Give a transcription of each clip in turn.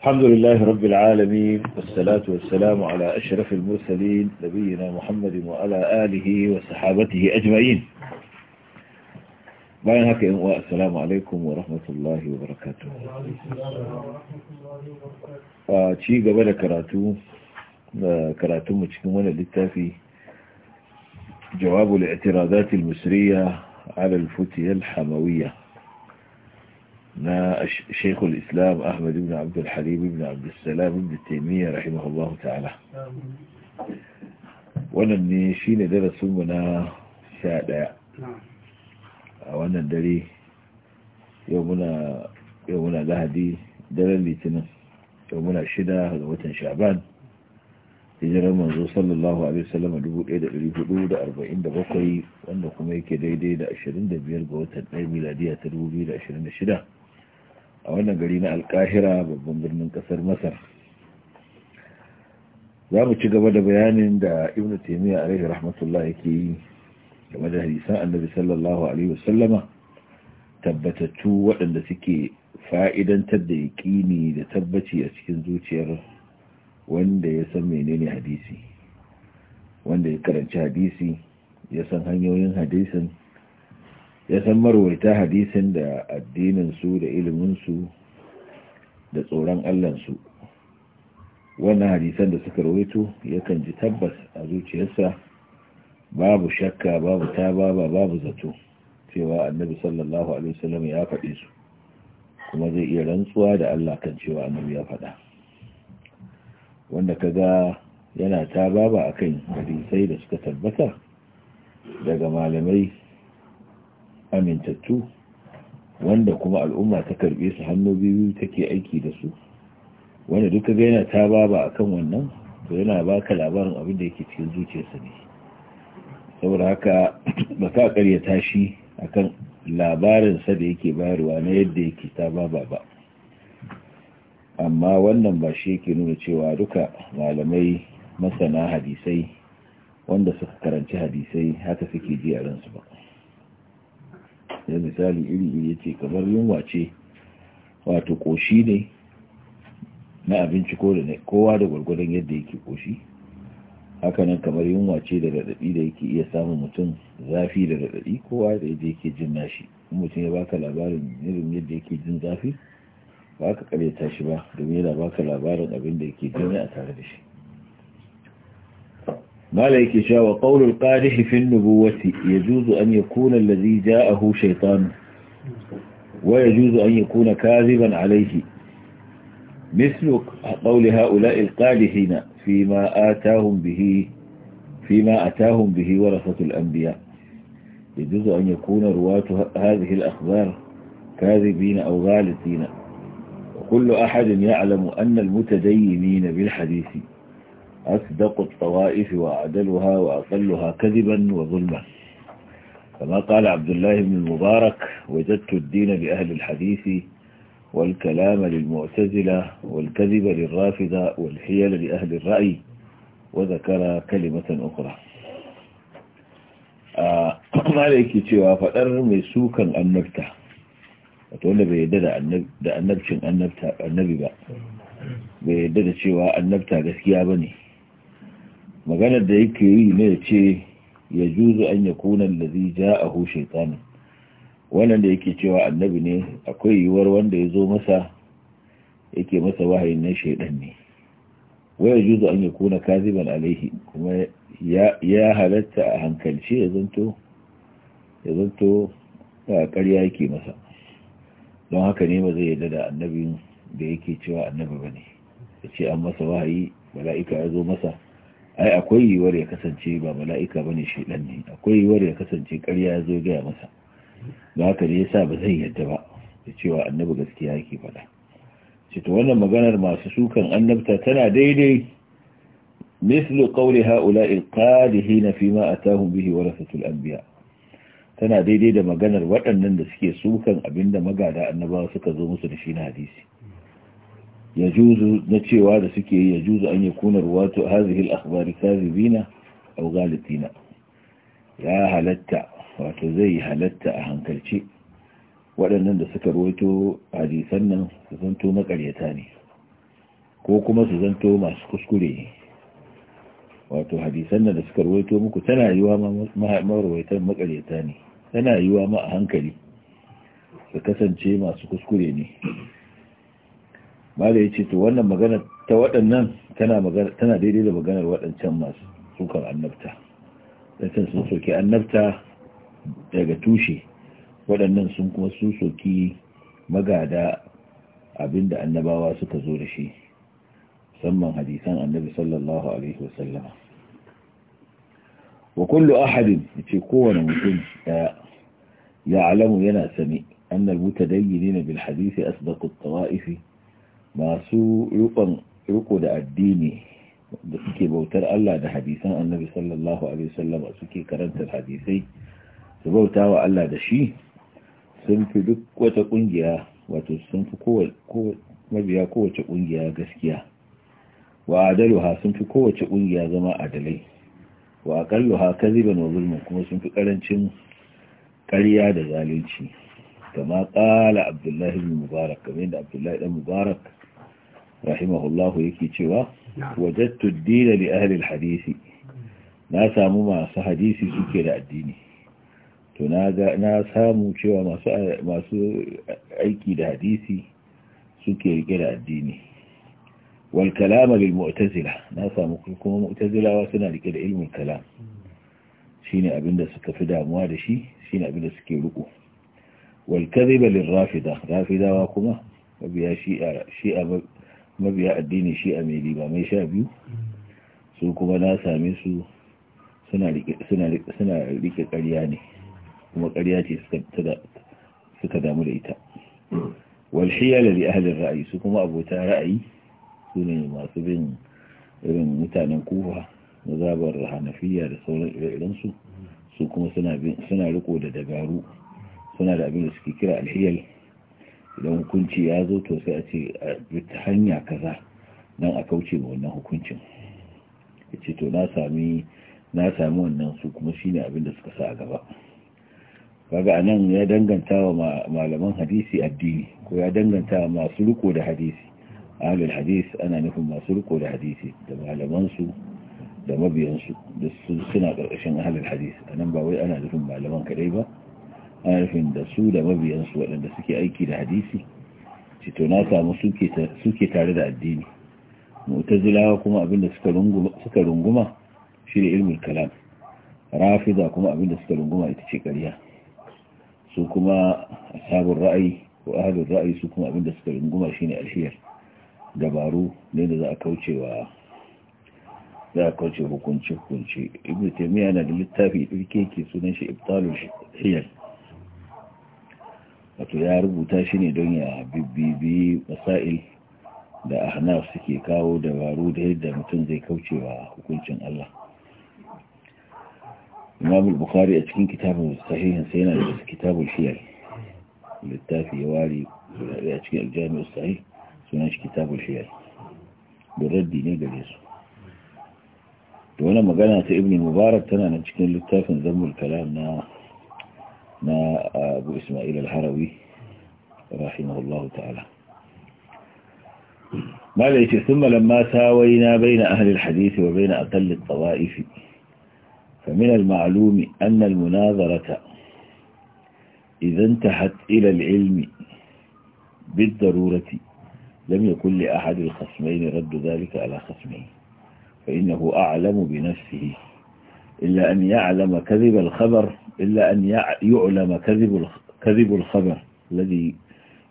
الحمد لله رب العالمين والصلاة والسلام على أشرف المرسلين نبينا محمد وعلى آله وصحابته أجمعين باين هكا السلام عليكم ورحمة الله وبركاته ورحمة آه، الله وبركاته شي قبل كراتو آه، كراتو مجكمون للتافي جواب الاعتراضات المصرية على الفتية الحموية ما شيخ الإسلام أحمد بن عبد الحليم بن عبد السلام بن تيميه رحمه الله تعالى وانا نشين دل سمنا شادع نعم. وانا دري يومنا يومنا لهدي دل لتنا يومنا شدا وطن شعبان هجر منذ صلى الله عليه وسلم دبو ايدا دبو دا اربعين دا بقوي وانا قميك ديدي دا اشرين دا بيرقوة ميلادية تدبو بيدا اشرين شدا a wannan gari na alkahira babban birnin kasar masar za mu ci gaba da bayanin da ibn taimiyya alaihi rahmatullah yake yi game da hadisan annabi sallallahu alaihi wasallama tabbatattu waɗanda suke fa'idantar da yaƙini da tabbaci a cikin zuciyar wanda ya san menene hadisi wanda ya karanci hadisi ya san hanyoyin hadisin ya san marwaita hadisin da addininsu da iliminsu da tsoron allansu wannan hadisan da suka rawaito yakan ji tabbas a zuciyarsa babu shakka babu tababa babu zato cewa annabi sallallahu alaihi wasallam ya faɗi su kuma zai iya rantsuwa da Allah kan cewa annabi ya faɗa wanda kaga yana tababa akan hadisai da suka tabbata daga malamai amintattu wanda kuma al'umma ta karbe su hannu biyu take aiki da su wanda duka ga yana ta ba akan wannan to yana baka labarin abin da yake cikin zuciyarsa ne saboda haka ba ka karyata shi akan labarinsa da yake bayarwa na yadda yake ta baba ba amma wannan ba shi yake nuna cewa duka malamai masana hadisai wanda suka karanci hadisai haka suke ji a ransu ba ya misali iri iri ce kamar yunwa ce wato koshi ne na abinci ko da kowa da gwargwadon yadda yake koshi hakanan kamar yunwa ce da raɗaɗi da yake iya samun mutum zafi da raɗaɗi kowa da yadda yake jin nashi mutum ya baka labarin irin yadda yake jin zafi ba ka karyata shi ba domin yana baka labarin abin da yake jin a tare da shi ما عليك شاء وقول القادح في النبوة يجوز أن يكون الذي جاءه شيطان ويجوز أن يكون كاذبا عليه مثل قول هؤلاء القادحين فيما آتاهم به فيما أتاهم به ورثة الأنبياء يجوز أن يكون رواة هذه الأخبار كاذبين أو غالطين وكل أحد يعلم أن المتدينين بالحديث أصدق الطوائف وأعدلها وأقلها كذبا وظلما كما قال عبد الله بن المبارك وجدت الدين بأهل الحديث والكلام للمعتزلة والكذب للرافضة والحيل لأهل الرأي وذكر كلمة أخرى آه، ما عليك faɗar mai سوكا النبتة أتولى wanda bai yadda da annabcin annabi ba bai yadda da maganar da yake yi ne ya ce ya juzu an ya kunan lalzi ja a hushe tsanin wannan da yake cewa annabi ne akwai yiwuwar wanda ya zo masa yake masa wahayin na shaidan ne waya juzu an ya kuna kaziban alaihi kuma ya halatta a hankalce ya zanto ya zanto a karya yake masa don haka ne ba zai yarda da annabin da yake cewa annabi ba ne ya ce an masa wahayi mala'ika ya zo masa ai akwai yiwuwar ya kasance ba mala'ika bane shi dan ne akwai yiwuwar ya kasance ƙarya ya zo gaya masa ba haka ne yasa ba zai yadda ba da cewa annabi gaskiya yake faɗa ce to wannan maganar masu sukan annabta tana daidai mislu qawli ha'ula'i qadihin fi ma atahum bihi warasatul anbiya tana daidai da maganar waɗannan da suke sukan abinda magada annabawa suka zo musu da shi na hadisi yajuzu na cewa da suke yi yajuzu an yakuna ruwatu hadhihi al-akhbari kadhibina aw ghalitina ya halatta wato zai halatta a hankalci waɗannan da suka ruwaito hadisan nan su zanto makaryata ne ko kuma su zanto masu kuskure ne wato hadisan nan da suka ruwaito muku tana yiwa ma marwaitan makaryata ne tana yiwa ma a hankali su kasance masu kuskure ne malai ya ce to wannan magana ta waɗannan tana daidai da maganar waɗancan masu sukan annabta ɗancan sun soke annabta daga tushe waɗannan sun kuma sun soke magada abinda annabawa suka zo da shi musamman hadisan annabi sallallahu alaihi wasallam wa kullu ahadin yace kowane mutum daya ya alamu yana sani annal dangi ne na bilhadisi at-tawa'ifi masu rukon riko da addini da suke bautar Allah da hadisan annabi sallallahu alaihi wasallam suke karantar hadisai su bauta wa Allah da shi sun fi duk wata kungiya wato sun fi mabiya kowace kungiya gaskiya wa ha sun fi kowace kungiya zama adalai wa ha kaziban wa zulman kuma sun fi karancin ƙarya da zalunci kama kala abdullahi mubarak kamar da abdullahi dan mubarak رحمه الله يكتوى وجدت الدين لأهل الحديث ناسا مما سحديثي سكر الديني تنادى ناسا موشوى ما سو أيكي الحديثي سكر الديني والكلام للمؤتزلة ناسا مكركم مؤتزلة واسنا لكل علم الكلام شين أبن دا سكفدا موالشي شين أبن دا سكيرقو والكذب للرافضة رافضة واكما وبها شيئة شيئة mabiya addini shi a mai riba mai sha biyu su kuma na same su suna rike karya ne kuma karya ce suka damu da ita walshiyala da ahalin ra'ayi su kuma abota ra'ayi su ne masu bin irin mutanen kufa zabar hanafiya da sauran irinsu su kuma suna riko da dabaru suna da abin da suke kira alhiyar. idan hukunci ya zo to sai a ce a hanya kaza don a kauce ma wannan hukuncin ya ce to na sami na sami wannan su kuma shi ne abinda suka sa a gaba kaga a nan ya danganta wa malaman hadisi addini ko ya danganta wa masu riko da hadisi ahalar hadisi ana nufin masu riko da hadisi da malamansu da mabiyansu da su suna ƙarƙashin ahalar hadisi a nan ba wai ana nufin malaman kaɗai ba arifin da su da mabiyansu waɗanda suke aiki da hadisi cito na samu suke tare da addini mutazilawa kuma abinda suka runguma shi da ilmin kalam rafiza kuma abinda suka runguma ita ce ƙarya su kuma sabon ra'ayi ko ahalin ra'ayi su kuma abinda suka runguma shi ne alhiyar dabaru ne da za a kaucewa za a kauce hukunci hukunci ibn taymiya na da littafi ɗirke ke sunan shi ibtalul hiyar wato ya rubuta shi ne don ya bibbibi masail da ahnaf suke kawo dabaru da yadda mutum zai kauce wa hukuncin Allah imam bukhari a cikin kitabun sahihin sai yana da kitabul shiyar littafi ya wari a cikin aljami'ar sahih sunan shi kitabul shiyar da raddi ne gare su da wani magana ta ibn mubarak tana nan cikin littafin zammul kalam na ما أبو إسماعيل al رحمه الله تعالى ما يتي ثم لما ساوينا بين أهل الحديث وبين أقل الطوائف فمن المعلوم أن المناظرة إذا انتهت إلى العلم بالضرورة لم يكن لأحد الخصمين رد ذلك على خصمه فإنه أعلم بنفسه إلا أن يعلم كذب الخبر إلا أن يعلم كذب كذب الخبر الذي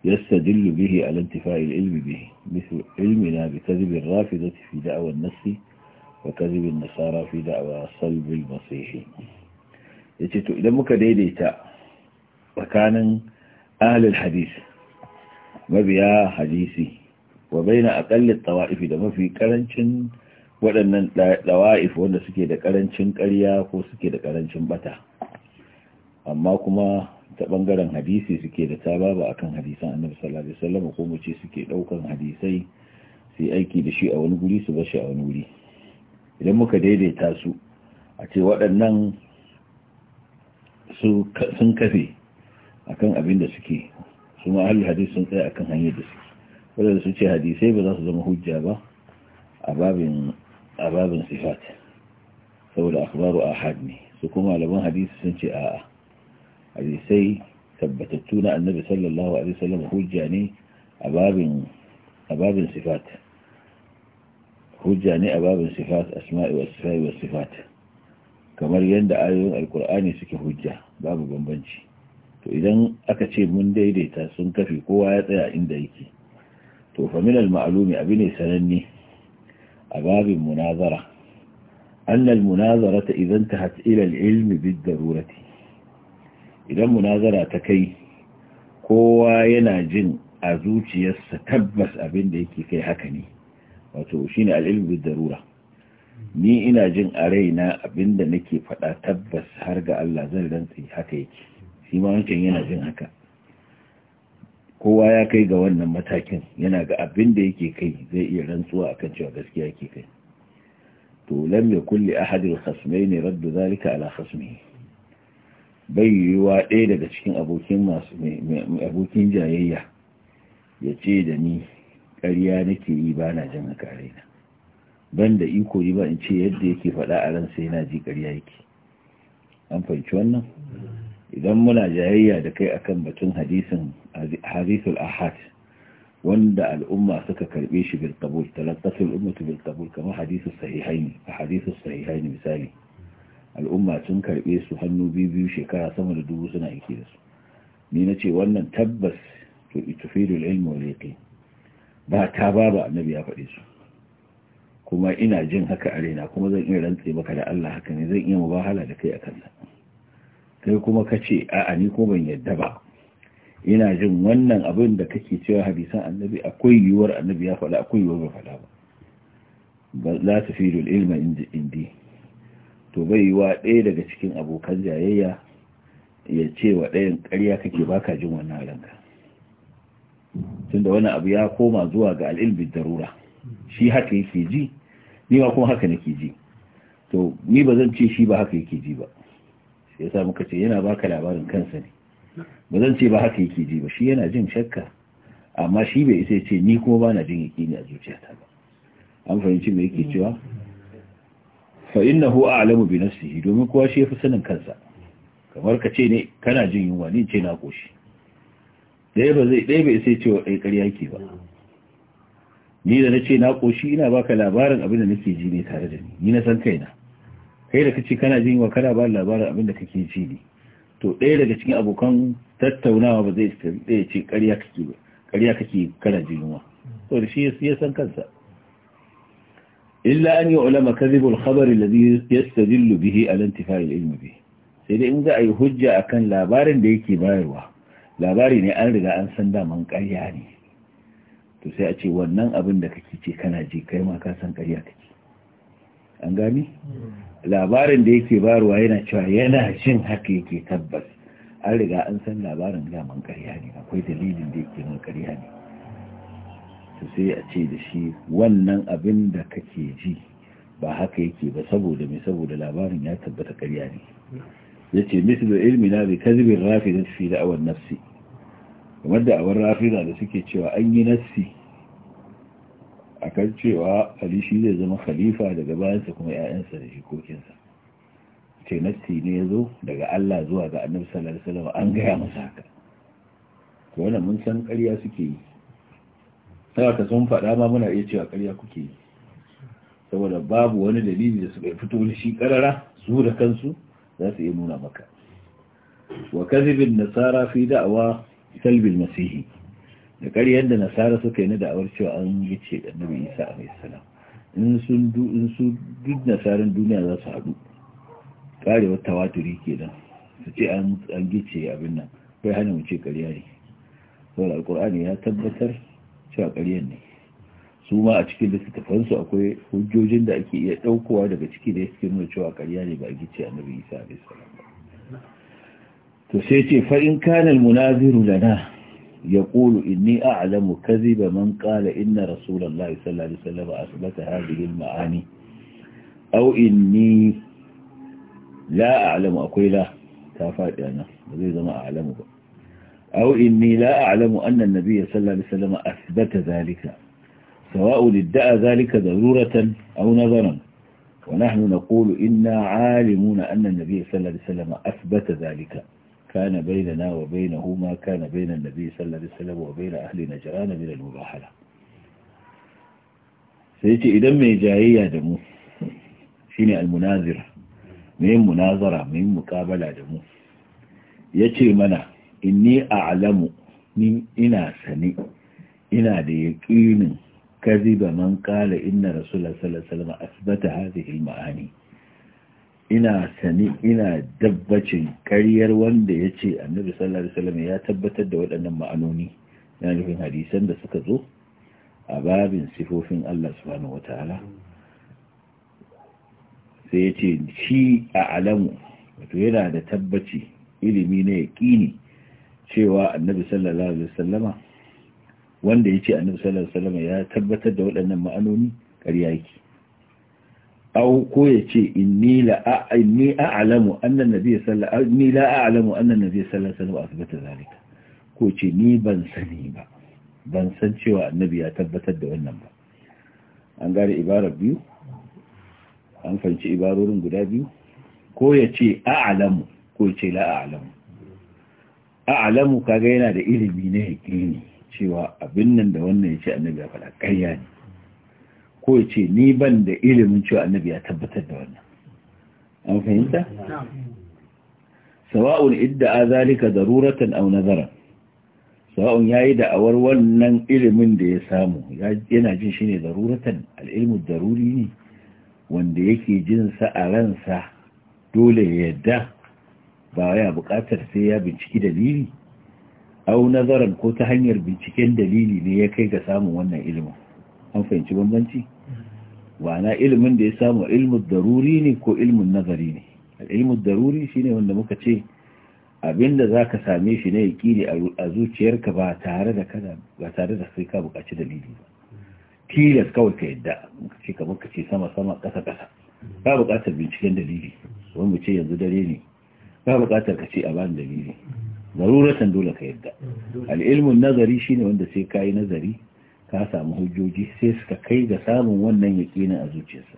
يستدل به على انتفاء العلم به مثل علمنا بكذب الرافضة في دعوى النص وكذب النصارى في دعوى صلب المسيح yace to idan muka أهل الحديث مبيا حديثي وبين أقل الطوائف baina في tawa'ifi waɗannan ɗawa'if wanda suke da ƙarancin ƙarya ko suke da ƙarancin bata amma kuma ta ɓangaren hadisi suke da ta a akan hadisan annabi sallallahu alaihi wasallam ko mu ce suke ɗaukan hadisai su aiki da shi a wani guri su bashi a wani wuri idan muka daidaita su a ce waɗannan sun kafe akan abin da suke su ma ma'ahal hadis sun tsaye akan hanyar da suke waɗanda su ce hadisai ba za su zama hujja ba a babin a babin sifat saboda akhbaru ahad ne su kuma malaman hadisi sun ce a'a hadisai tabbatattu na annabi sallallahu alaihi wasallam hujja ne a babin sifat hujja ne a babin sifat asma'i wa sifai wa sifat kamar yadda ayoyin alkur'ani suke hujja babu bambanci to idan aka ce mun daidaita sun kafi kowa ya tsaya inda yake to fa min al abi ne sananne a babin munazara annal munazara ta idan ta hatsila ilmi bid darurati idan munazara ta kai kowa yana jin a zuciyarsa tabbas abin da yake kai haka ne wato shine al-ilmi bid darura ni ina jin a raina abin da nake faɗa tabbas har ga Allah zai rantsi haka yake shi ma wancan yana jin haka kowa ya kai ga wannan matakin yana ga abin da yake kai zai iya rantsuwa a kan cewa gaskiya yake kai to lam kulli li ahadil khasmayn radd zalika ala khasmi bai yiwuwa ɗaya daga cikin abokin masu abokin jayayya ya ce da ni ƙarya nake yi ba na jin haka na ban da iko yi ba in ce yadda yake faɗa a ran sai na ji ƙarya yake an fahimci wannan idan muna jayayya da kai akan batun hadisin hadisul ahad wanda al'umma suka karbe shi bil qabul talaqatul ummatu bil qabul kamar hadisus sahihain hadisus sahihain misali al'umma sun karbe su hannu biyu shekara sama da dubu suna yake da su ni nace wannan tabbas to itufidul ilmu wal yaqin ba ta ba ba annabi ya faɗe su kuma ina jin haka arena kuma zan iya rantse maka da Allah haka ne zan iya mubahala da kai akan sa kai kuma ka ce a'a ni ko ban yadda ba ina jin wannan abin da kake cewa hadisan annabi akwai yiwuwar annabi ya faɗa akwai yiwuwar ba faɗa ba la tafidul ilma indi to bai yiwa ɗaya daga cikin abokan jayayya ya ce wa ɗayan ƙarya kake baka jin wannan ranka tunda wani abu ya koma zuwa ga al'ilmin darura shi haka yake ji ni ma kuma haka nake ji to ni ba zan ce shi ba haka yake ji ba ya yasa muka ce yana baka labarin kansa ne ba zan ce ba haka yake ji ba shi yana jin shakka amma shi bai isa ce ni kuma bana jin yake ne a zuciyata ba an fahimci mai yake cewa fa innahu a'lamu bi nafsihi domin kowa shi yafi sanin kansa kamar ka ce ne kana jin yunwa ni ce na koshi ɗaya ba zai dai bai sai cewa ɗaya ƙarya ke ba ni da na ce na koshi ina baka labarin abin da nake ji ne tare da ni ni na san kaina kai da kace kana jin wa kana ba labarin abin da kake ji ne to ɗaya daga cikin abokan tattaunawa ba zai ya ce ƙarya kake ba ƙarya kake kana jin wa to da shi ya san kansa illa an yu'lama kadhibul khabar alladhi yastadillu bihi ala intifa'i al-ilm bihi sai dai in za a yi hujja akan labarin da yake bayarwa labari ne an riga an san daman ƙarya ne to sai a ce wannan abin da kake ce kana ji kai ma ka san ƙarya kake an gani labarin da yake barwa yana cewa yana jin haka yake tabbas an riga an san labarin daman karya ne akwai dalilin da yake nan karya ne to sai a ce da shi wannan abin da kake ji ba haka yake ba saboda mai saboda labarin ya tabbata karya ne ya ce mislu ilmina bi kazibin rafi da fi da'awar nafsi kamar da awar rafi da suke cewa an yi nafsi akan cewa ali shi zai zama khalifa daga bayansa kuma ‘ya'yansa da jikokinsa ce nassi ne ya zo daga Allah zuwa ga annabi sallallahu alaihi wasallam an gaya masa haka to wannan mun san ƙarya suke yi ka sun faɗa ma muna iya cewa ƙarya kuke yi saboda babu wani dalili da suka fito da shi ƙarara su da kansu za su iya nuna maka wa kadhibin nasara fi da'awa salbil masihi da ƙaryar yadda nasara suka yi na da'awar cewa an yi ce nabi isa a in sun su duk nasarar duniya za su haɗu ƙarewar tawaturi kenan su ce an gice abin nan kai hana mu ƙariya ƙarya ne saboda alƙur'ani ya tabbatar cewa ƙariyar ne su ma a cikin littattafansu akwai hujjojin da ake iya ɗaukowa daga ciki da suke nuna cewa ƙarya ne ba a gice nabi isa a salam to sai ce fa'in Kanal Munaziru da lana يقول إني أعلم كذب من قال إن رسول الله صلى الله عليه وسلم أثبت هذه المعاني أو إني لا أعلم أقول لا تافات أنا يعني، هذا ما أعلمه أو إني لا أعلم أن النبي صلى الله عليه وسلم أثبت ذلك سواء ادعى ذلك ضرورة أو نظرا ونحن نقول إنا عالمون أن النبي صلى الله عليه وسلم أثبت ذلك كان بيننا وبينه ما كان بين النبي صلى الله عليه وسلم وبين أهل نجران من المباحلة سيتي إذا ما جاية دمو شيني المناظرة من مناظرة من مقابلة دمو يتي منا إني أعلم من إنا سني إنا ديكين كذب من قال إن رسول الله صلى الله عليه وسلم أثبت هذه المعاني ina sani ina dabbacin karyar wanda ya ce annabi sallallahu alaihi wasallam ya tabbatar da waɗannan ma'anoni na nufin hadisan da suka zo a babin sifofin Allah subhanahu wataala sai ya ce shi a alamu wato yana da tabbaci ilimi na yaƙini cewa annabi sallallahu alaihi wasallama wanda ya ce annabi sallallahu alaihi wasallama ya tabbatar da waɗannan ma'anoni ƙarya yake أو شيء إني لا إني أعلم أن النبي صلى الله إني لا أعلم أن النبي صلى الله عليه وسلم أثبت ذلك شيء ني بن سنيبا بن سنشي والنبي أثبت الدولنا أن قال إبارة بيو أن فنش إبارة قدا بيو شيء أعلم شيء لا أعلم أعلم كاغينا دا إلمي كيني شوى أبنن دا ونهي شأن النبي أفلا كياني ko ce ni ban da ilimin cewa annabi ya tabbatar da wannan an fahimta sawa'un idda azalika daruratan aw nazara sawa'un yayi da awar wannan ilimin da ya samu yana jin shine daruratan al-ilmu daruri ne wanda yake jin sa a ransa dole ya yadda ba ya buƙatar sai ya binciki dalili au nazaran ko ta hanyar binciken dalili ne ya kai ga samun wannan ilimin an fahimci bambanci wana ilimin da ya samu ilimin daruri ne ko ilimin nazari ne ilimin daruri shi ne wanda muka ce abinda za ka same shi na yaƙini a zuciyarka ba tare da kada ba tare da sai ka buƙaci dalili ba tilas kawai ka yadda muka ce ka ka ce sama sama ƙasa ƙasa ba buƙatar binciken dalili wani mu ce yanzu dare ne ba buƙatar ka ce a bani dalili zaruratan dole ka yadda mm, al'ilmun nazari shine wanda sai ka yi nazari ka samu hujjoji sai suka kai ga samun wannan yaƙina a zuciyarsa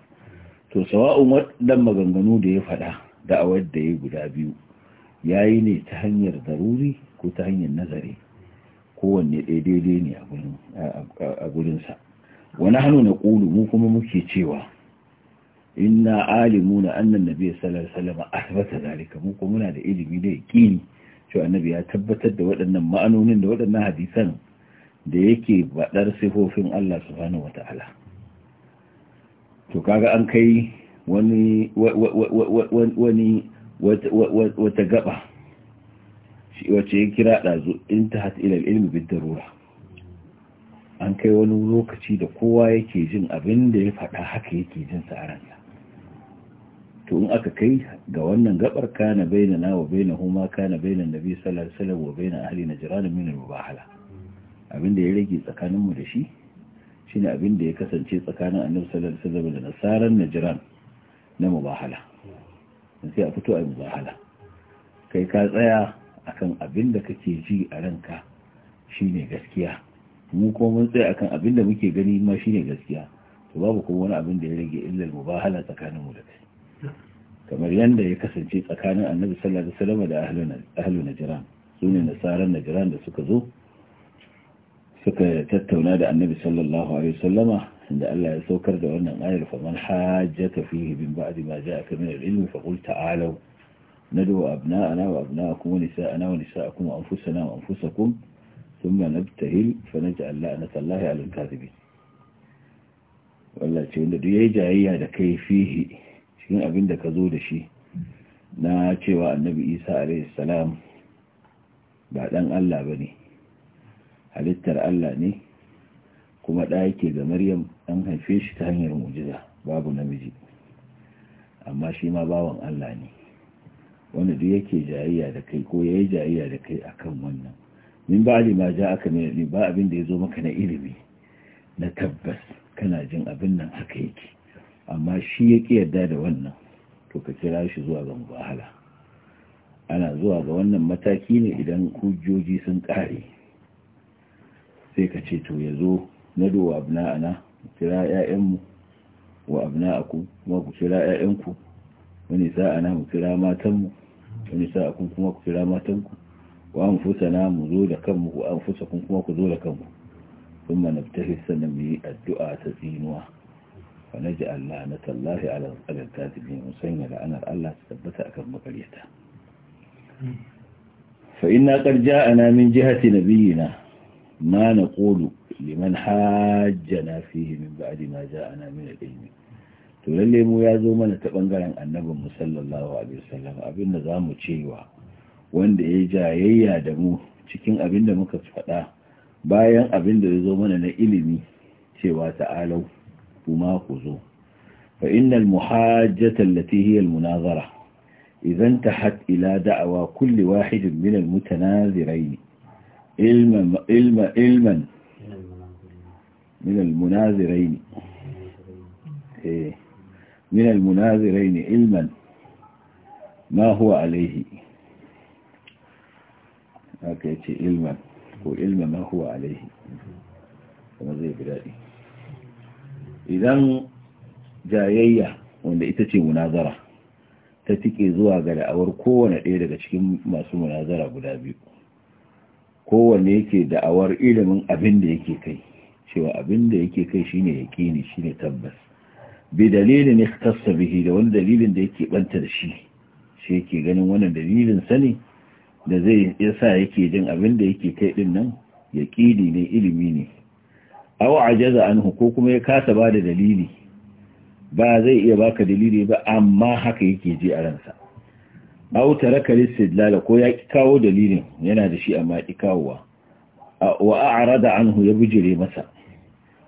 to sawa'un waɗannan maganganu da ya faɗa da da'awar da ya guda biyu ya yi ne ta hanyar daruri ko ta hanyar nazari kowanne daidai ne a gurinsa wani hannu na ƙulu mu kuma muke cewa inna alimu na annan nabi sallallahu salama a asbata zalika mu kuma muna da ilimi da yaƙini cewa annabi ya tabbatar da waɗannan ma'anonin da waɗannan hadisan da yake baɗar sifofin Allah subhanahu ta'ala to kaga an kai wani wata gaba wacce ya kira ɗazu in ta ilal ilmi bin an kai wani lokaci da kowa yake jin abin da ya faɗa haka yake jin sa'aranta to in aka kai ga wannan gabar kana bainana wa huma kana na nabi na alaihi wasallam wa bainan ahli najran min al-mubahala abin da ya rage tsakaninmu da shi shine abin da ya kasance tsakanin annabi sallallahu alaihi da nasaran najran na mubahala sai a fito a mubahala kai ka tsaya akan abin da kake ji a ranka shine gaskiya mu ko mun tsaya akan abin da muke gani ma shine gaskiya to babu kuma wani abin da ya rage illa mubahala tsakanin mu da kai kamar yadda ya kasance tsakanin annabi sallallahu alaihi da ahlun ahlun najran sune nasaran najran da suka zo suka tattauna da annabi sallallahu alaihi wasallama da Allah ya saukar da wannan ayar fa man hajjaka fihi min ba'di ma ja'aka min al-ilmi fa qul ta'alu ندعو أبناءنا وأبناءكم ونساءنا ونساءكم وأنفسنا وأنفسكم ثم نبتهل فنجعل لعنة الله على الكاذبين والله ce wanda duk yayi jayayya da kai fihi cikin abin da ka zo da shi na cewa annabi isa alaihi salam ba dan Allah bane halittar Allah ne kuma ɗaya yake ga maryam an haife shi ta hanyar mujiza babu namiji amma shi ma bawan Allah ne wanda duk yake jayayya da kai ko yayi jayayya da kai akan wannan min ba ma ja aka ne ba abin da ya zo maka na ilimi na tabbas kana jin abin nan haka yake amma shi ya yarda da wannan to ka kira shi zuwa ga mubahala ana zuwa ga wannan mataki ne idan hujjoji sun kare. sai ka ce to ya zo na dowa abna ana kira ‘ya'yanmu wa abna aku kuma ku kira ‘ya'yanku wani sa'a na mu kira matanmu wani a kun kuma ku kira matanku wa an fusa na mu zo da kanmu wa an fusa kun kuma ku zo da kanmu sun manabtahi sannan mu yi addu'a ta tsinuwa wa na ji Allah na tallafi ala tsagarta ta biyu musanya da anar Allah ta tabbata akan makaryata fa ina karja ana min jihati nabiyina ما نقول liman hajjana fihi min ba'di ma ja'ana min al-ilmi to lalle mu ya zo mana ta bangaren annabin mu sallallahu alaihi wasallam abinda zamu cewa wanda ya jayayya da mu cikin abinda muka faɗa bayan abinda ya zo mana na ilimi cewa ta'alau kuma ku zo fa innal muhajjata allati hiya al-munazara idan tahat ila da'awa kulli wahidin min al-mutanaziraini علما علما علما من المناذرين إيه. من المناذرين علما ما هو عليه اكيتي علما وعلما ما هو عليه ماذا بلادي اذا جايه wanda ita مناظرة munazara ta على أوركون ga da'awar kowane ɗaya daga kowanne yake da'awar ilimin abin da yake kai cewa abin da yake kai shine yaqini shine tabbas bi dalilin ikhtassa bihi da wani dalilin da yake banta da shi shi yake ganin wannan dalilin sani da zai yasa yake jin abin da yake kai din nan yaqini ne ilimi ne aw ajaza anhu ko kuma ya kasa ba da dalili ba zai iya baka dalili ba amma haka yake ji a ransa au taraka listidlal ko ya ki kawo dalilin yana da shi amma ki kawowa wa a'rada anhu ya bujire masa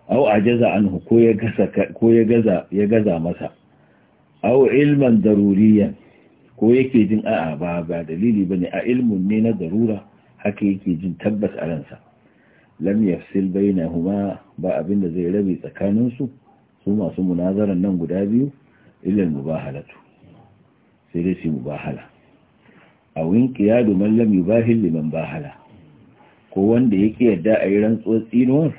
au ajaza anhu ko ya gaza ko ya gaza ya gaza masa au ilman daruriyan ko yake jin a'a ba ga dalili bane a ilmun ne na darura haka yake jin tabbas a ransa lam yafsil bainahuma ba abin da zai rabe tsakanin su su masu munazaran nan guda biyu illa mubahalatu sai dai su mubahala a winki ya domin lam yubahin liman bahala ko wanda ya ƙi yadda a yi rantsuwar tsinuwar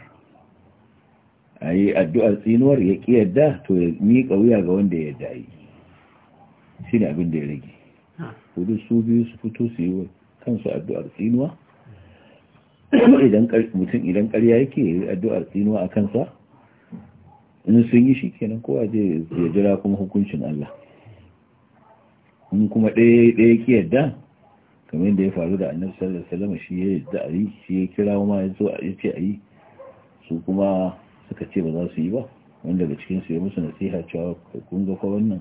a yi addu'ar tsinuwar ya ƙi yadda to ya miƙa wuya ga wanda ya yadda yi shi ne abin da ya rage kudu su biyu su fito su yi wa kansu addu'ar tsinuwa mutum idan ƙarya yake ya yi addu'ar tsinuwa a kansa in sun yi shi kenan kowa je ya jira kuma hukuncin Allah in kuma ɗaya ɗaya ki yadda kamar yadda ya faru da annabi sallallahu alaihi wasallam shi ya yadda a yi shi ya kira kuma ya zo ya ce a yi su kuma suka ce ba za su yi ba wanda daga cikin su ya musu nasiha cewa kun ga fa wannan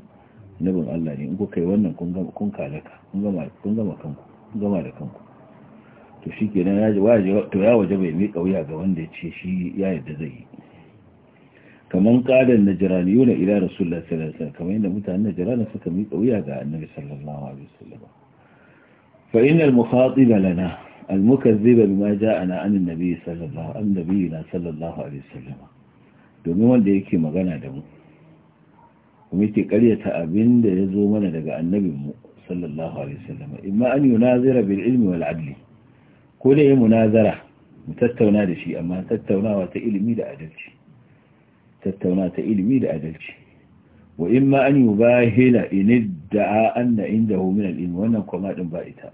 nabin Allah ne in ku kai wannan kun ga kun kalaka kun gama kun gama kanku kun ga da kanku to nan ya waje to ya waje bai mika wuya ga wanda ya ce shi ya yadda zai yi kaman qadan yuna ila rasulullahi sallallahu alaihi wasallam kamar yadda mutanen najran suka mika wuya ga annabi sallallahu alaihi wasallam فإن المخاطب لنا المكذب بما جاءنا عن النبي صلى الله عن نبينا صلى الله عليه وسلم domin wanda yake magana da mu kuma yake karyata abin da ya zo mana daga annabinmu sallallahu alaihi wasallam imma an yunazira bil ilmi wal adli ko da yayi munazara mu tattauna da shi amma tattaunawa ta ilimi da adalci tattauna ta ilimi da adalci wa imma an yubahila in da'a anna indahu min al ilmi wannan kuma din ba ita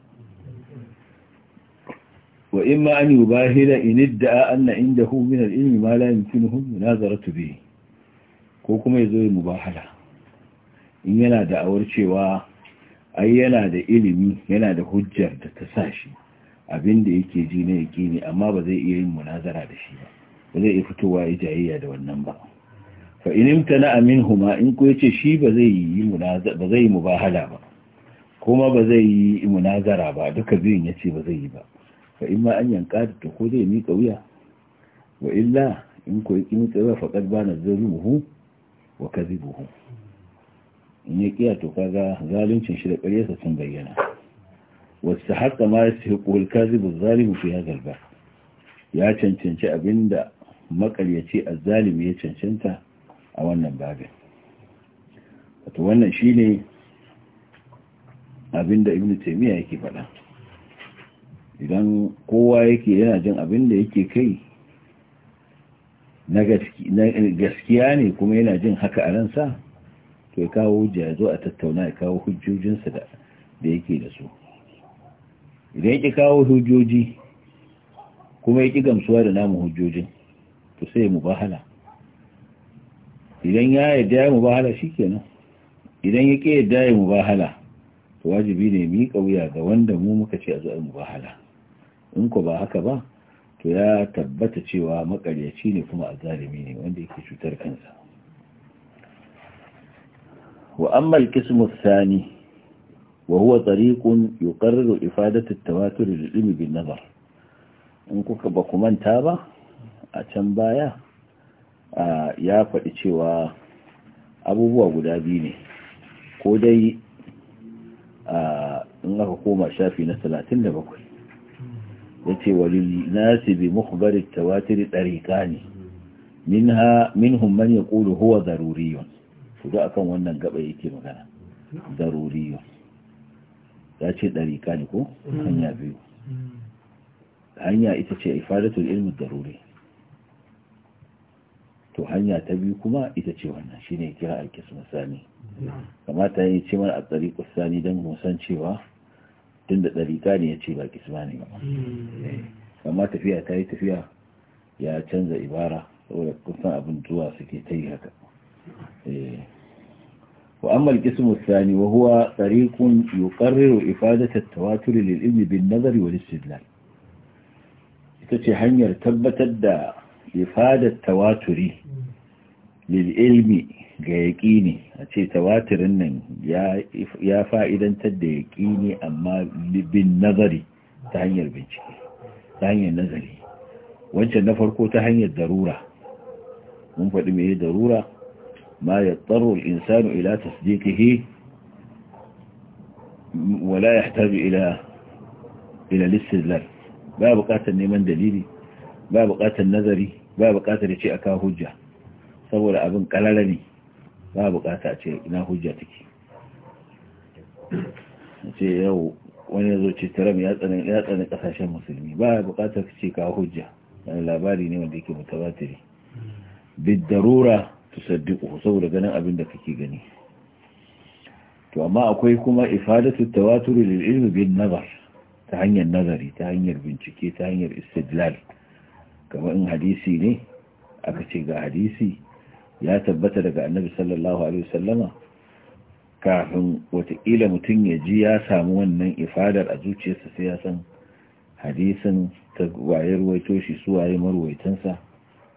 wa in ma an yubahila in idda'a anna indahu min al-ilmi ma la yumkinuhu munazaratu bihi ko kuma yazo ya mubahala in yana da awar cewa ai yana da ilimi yana da hujjar da ta sa shi abinda yake ji na yake ne amma ba zai iya yin munazara da shi ba ba zai iya fitowa ya jayayya da wannan ba fa na imtana minhuma in ko yace shi ba zai yi munazara ba mubahala ba kuma ba zai yi munazara ba duka biyun yace ba zai yi ba fa in ma an yanka da ta ko zai miƙa wuya wa illa in ko yi fakar faƙar ba na zalimuhu wa kazibuhu in ya kiya to kaga zaluncin shi da ƙaryarsa sun bayyana wasu ta ma ya sai ƙuhul kazibu zalimu fi ya galba ya cancanci abinda makaryaci a ya cancanta a wannan babin wato wannan shine abinda ibnu taymiya yake faɗa idan kowa yake yana jin abin da yake kai na gaskiya ne kuma yana jin haka a ransa to ya kawo hujja ya zo a tattauna ya kawo hujjojinsa da yake da su idan yake kawo hujjoji kuma yake gamsuwa da namu hujjojin to sai mu bahala idan ya yadda ya mu bahala nan idan yake yadda ya mu bahala to wajibi ne mu yi kauya ga wanda mu muka ce a zuwa mu bahala in ku ba haka ba to ya tabbata cewa makaryaci ne kuma azzalimi ne wanda yake cutar kansa wa amma al-qismu ath-thani wa huwa tariqun yuqarriru ifadatu at-tawatur lil-ilmi bin-nazar in kuka ba manta ba a can baya ya faɗi cewa abubuwa guda biyu ne ko dai in aka koma shafi na 37 yace walil nasi bi mukhbari tawatir tariqani minha minhum man yaqulu huwa daruriyun kuga akan wannan gaba yake magana daruriyun yace tariqani ko hanya biyu hanya ita ce ifadatul ilmin daruri to hanya ta biyu kuma ita ce wannan shine kira al-qismu sani kamata yayi ce mana a tariqus sani dan mu san cewa tun da ɗari ce ba kismani ba hmm. amma tafiya ta yi tafiya ya canza ibara saboda kusan abin zuwa suke ta yi haka eh. wa amma alkisu musani wa huwa tsarikun yi lil'ilmi bin nazari wa lissidlan ita ce hanyar tabbatar da ifadar tattawa turi hmm. lil'ilmi ga yaƙini a ce tawatirin nan ya fa'idantar da yaƙini amma bin nazari ta hanyar bincike ta hanyar nazari wancan na farko ta hanyar darura mun faɗi mai darura ma ya tsaro insanu ila tasdiqihi wala yahtaju ila ila listidlal ba buƙatar neman dalili ba buƙatar nazari ba buƙatar ya ce aka hujja saboda abin ƙalala ne ba bukata ce ina hujja take ce yau wani zo ce taram ya tsani kasashen musulmi ba bukatar ce ka hujja wani labari ne wanda yake mutawatiri bid darura tusaddiqu saboda ganin abin da kake gani to amma akwai kuma ifadatu tawatur lil ilm bin nazar ta hanyar nazari ta hanyar bincike ta hanyar istidlal kamar in hadisi ne aka ce ga hadisi ya tabbata daga annabi sallallahu alaihi wasallama kafin watakila mutum ya ji ya samu wannan ifadar a zuciyarsa sai ya san hadisin ta waye ruwaito shi su waye marwaitansa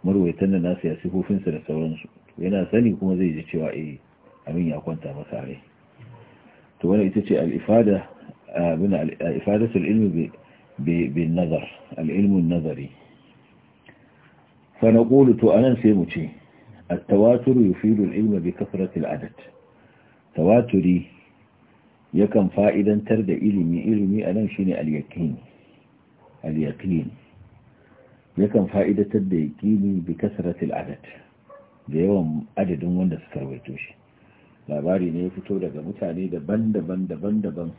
marwaitan da nasu ya sifofinsa da sauransu yana sani kuma zai ji cewa eh abin ya kwanta masa rai to wannan ita ce al-ifada abin al-ifadatu al-ilmi bin nazar al-ilmu an-nazari fa naqulu to anan sai mu ce التواتر يفيد العلم بكثرة العدد تواتري يكن فائدا ترد إلمي إلمي أنا شيني اليقين اليقين yakan fa'idatar da yaƙini bi kasaratil adad da yawan adadin wanda suka rawaito shi labari ne ya fito daga mutane daban-daban daban-daban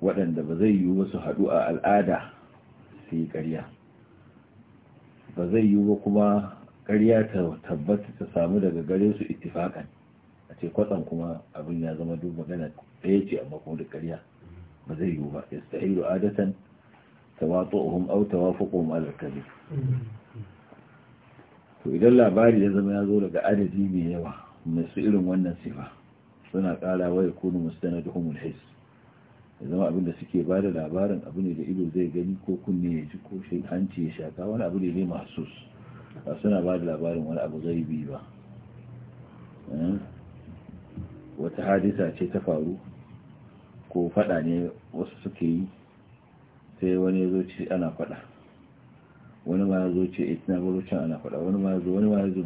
waɗanda ba zai yi wasu haɗu a al'ada su yi ƙarya ba zai yi wa kuma ƙarya ta tabbata ta samu daga gare su ittifakan a ce kwatsam kuma abin ya zama duk magana ɗaya ce amma kuma da ƙarya ba zai yiwu ba ya da adatan ta tawatu'uhum aw tawafuquhum ala malakari to idan labari ya zama ya zo daga adadi mai yawa masu irin wannan sifa suna ƙara waya kunu mustanaduhum hais ya zama abin da suke ba da labarin abu ne da ido zai gani ko kunne ya ji ko shi hanci ya shaka wani abu ne ne mahsus ba suna ba da labarin wani abu biyu ba eh? wata hadisa ce ta faru ko fada ne wasu suke yi sai wani ya zo ce ana fada wani ma ya zo ce tina eh, barucin ana fada wani ma ya zo wani ma ya zo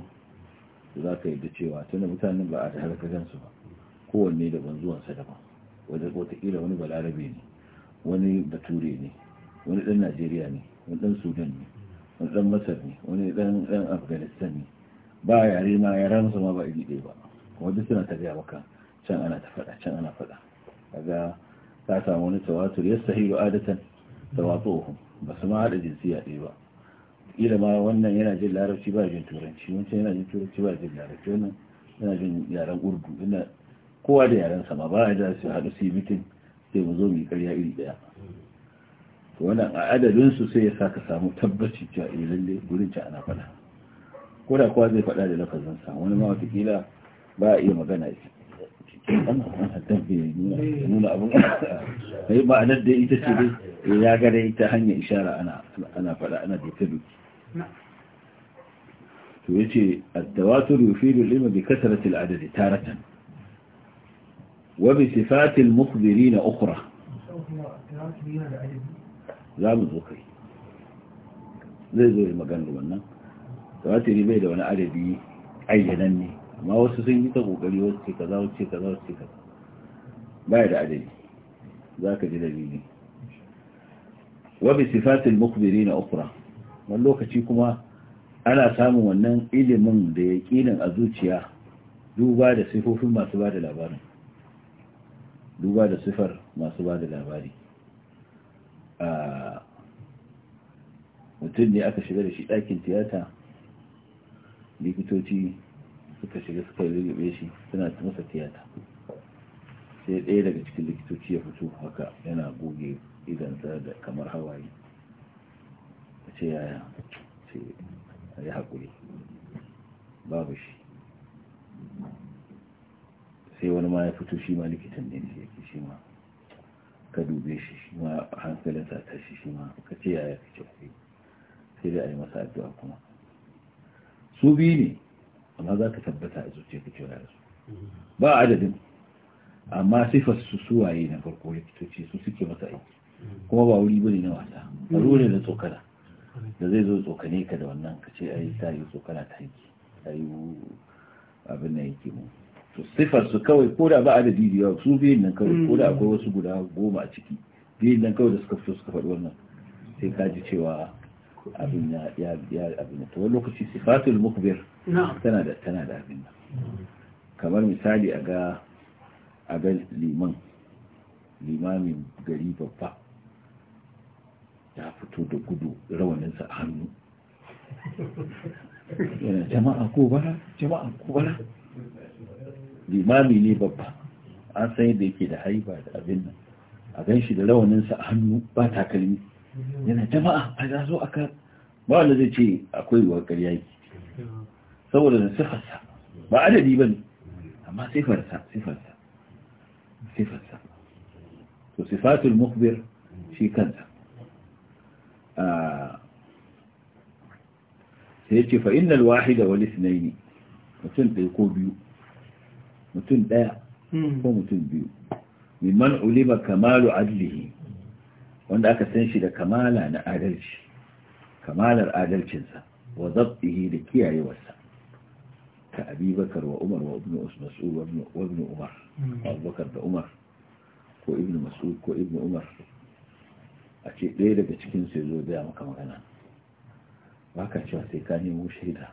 za ka yi da cewa tunda mutanen ba a da halakajensu ba kowanne ban zuwansa daban wadda watakila wani balarabe ne wani bature ne wani dan najeriya ne wani dan sudan ne dan masar ne wani dan dan afghanistan ne ba yare ma yaran su ma ba iri ɗaya ba kuma duk suna tafiya maka can ana ta faɗa can ana faɗa kaga ta samu wani tawatur ya yastahilu adatan tawatuhum ba su ma haɗa jinsiya ɗaya ba kila ma wannan yana jin larabci ba jin turanci wancan yana jin turanci ba jin larabci wannan yana jin yaren urdu ina kowa da yaren ma ba ya da su hadu su yi mitin sai mu zo mu yi karya iri ɗaya wannan a adadinsu sai ya sa ka samu tabbaci cewa eh, lalle gurin ci ana faɗa ko da kowa zai faɗa da lafazin sa wani ma watakila ba a iya magana ya ana wannan tambaye nuna abin kai ma'anar da ita ce dai eh, ya ga dai ta hanyar ishara ana ana faɗa ana doke doke to yace ad-dawatur yufidu al-ilma bi kasrati al-adad taratan wa bi sifati al-mukhbirin ukhra za mu zo kai zai zo yi maganar wannan tawatiri bai da wani adadi ayyanan ne amma wasu sun yi ta kokari wasu ce kaza wasu ce kaza wasu ce kaza baya da adadi za ka ji dalili wa bi sifatil mukbirina ukra wani lokaci kuma ana samun wannan ilimin da yaqinin a zuciya duba da sifofin masu ba da labarin duba da sifar masu ba da labari mutum ne aka shiga da shi ɗakin tiyata likitoci suka shiga suka rurrube shi suna masa tiyata sai ɗaya daga cikin likitoci ya fito haka yana goge idansa da kamar hawaye ce yaya ce a yi haƙuri babu shi sai wani ma ya fito shi ma likitan ne shi ma ka dube shi shi ma hankalinsa ta shi shi ma ka ce yaya kake kuɗi sai dai a yi masa addu'a kuma su biyu ne amma za ka tabbata a zuciya ka da su ba adadin amma sifar su suwaye na farko likitoci su suke masa aiki kuma ba wuri bane na wasa a ruwa ne na tsokana da zai zo tsokane ka da wannan ka ce ai ta yi tsokana ta yi ta yi abin da yake mu sifar su kawai ko da ba a da yawa su biyun nan kawai ko da mm. akwai wasu guda goma a ciki biyun nan kawai da suka fito suka faɗi wannan sai ka ji cewa abin ya ya abin to wani lokaci sifatul mukbir tana da tana da abin nan kamar misali a ga a ga liman limamin gari babba ya fito da gudu rawaninsa a hannu jama'a ko bara jama'a ko bara limami ne babba an san yadda yake da haiba da abin nan a gan shi da rawaninsa a hannu ba takalmi yana jama'a a za zo aka ba wanda zai ce akwai yiwuwar ƙarya yi saboda da sifarsa ba adadi ba ne amma sifarsa sifarsa sifarsa to sifatul mukbir shi kansa ah, sai ce fa'inal wahida wani sinai ne mutum ɗaya ko biyu mutum ɗaya hmm. ko mutum biyu mimman ulima kamalu adlihi wanda aka san shi da kamala na adalci kamalar adalcinsa wa zabtihi da kiyayewarsa ka abi bakar wa umar wa ibn mas'ud wa ibn umar hmm. abubakar da umar ko ibn mas'ud ko ibn umar a ce ɗaya daga cikin sai zo da maka magana ba ka cewa sai ka nemo shaida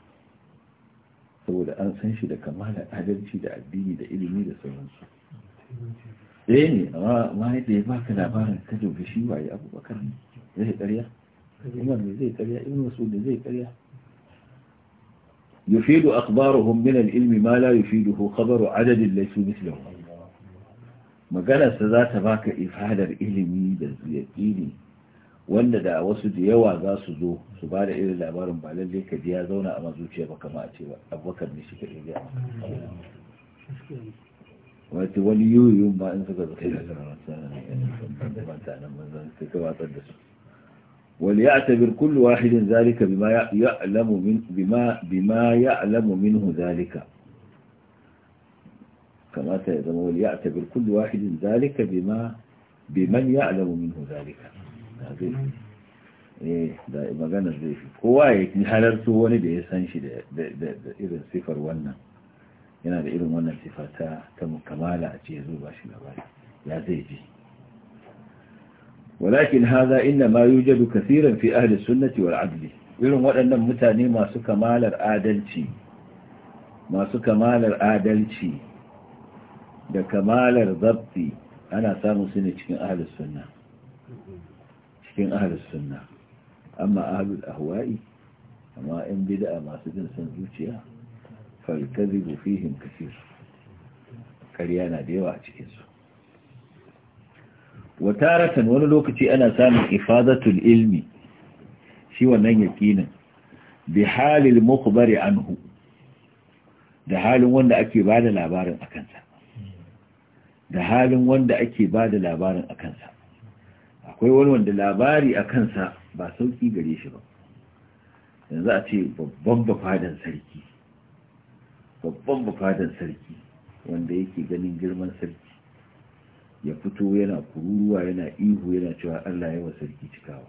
saboda an san shi da kamala adalci da addini da ilimi da sauransu ɗaya eh ne amma da ya baka labarin ka jobe shi waye abubakar ne zai karya imam ne zai karya ibn masud ne zai karya yufidu akhbaruhum min al-ilmi ma la yufiduhu khabaru adadin laysu mithluhu maganar sa za ta baka ifadar ilimi da yaqini wanda da wasu da yawa za su zo su ba da irin labarin ba lalle ka ji ya zauna a mazuciya ba kama a ce ba abubakar ne shi ka iya wata wani yoyon ba in suka zaka da gabatar da su wani ya tabir kullu wahidin zalika bima ya'lamu min bima minhu zalika kamata ya zama wani ya tabir kullu wahidin zalika bima biman ya'lamu minhu zalika Eh, da maganar zai fi kowa ya halartu wani da ya san shi da irin sifar wannan yana da irin wannan sifa ta mukamala a ce ya shi na shi ya zai ji walakin haza inda ma yi jadu kasiran fi ahalis sunnati wal adli irin waɗannan mutane masu kamalar adalci masu kamalar adalci da kamalar zabti ana samun su ne cikin ahalis sunna cikin ahalus sunna amma ahalul ahwa'i amma in bid'a masu jin son zuciya falkazibu fihim kathir ƙarya na da yawa a cikinsu. Wata wataratan wani lokaci ana samun ifadatul ilmi shi wannan yaqinin bi halil mukhbari anhu da halin wanda ake bada labarin akansa da halin wanda ake labarin akwai wani wanda labari a kansa ba sauki gare shi ba yanzu a ce babban bafadan sarki babban bafadan sarki wanda yake ganin girman sarki ya fito yana kururuwa yana ihu yana cewa Allah ya wa sarki cikawa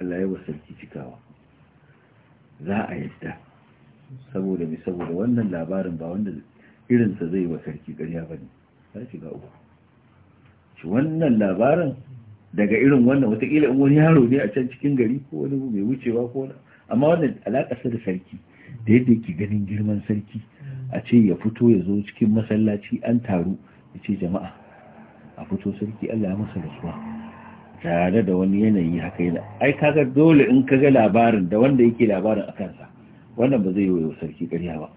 Allah ya sarki cikawa za a yadda saboda mai saboda wannan labarin ba wanda irinsa zai wa sarki karya ba ne za uku wannan labarin daga irin wannan watakila in wani yaro ne a can cikin gari ko wani mai wucewa ko na amma wannan alaƙa da sarki da yadda yake ganin girman sarki a ce ya fito ya zo cikin masallaci an taru ya ce jama'a a fito sarki Allah ya masa rasuwa tare da wani yanayi haka yana ai kaga dole in ka ga labarin da wanda yake labarin a kansa wannan ba zai yi wa sarki ƙarya ba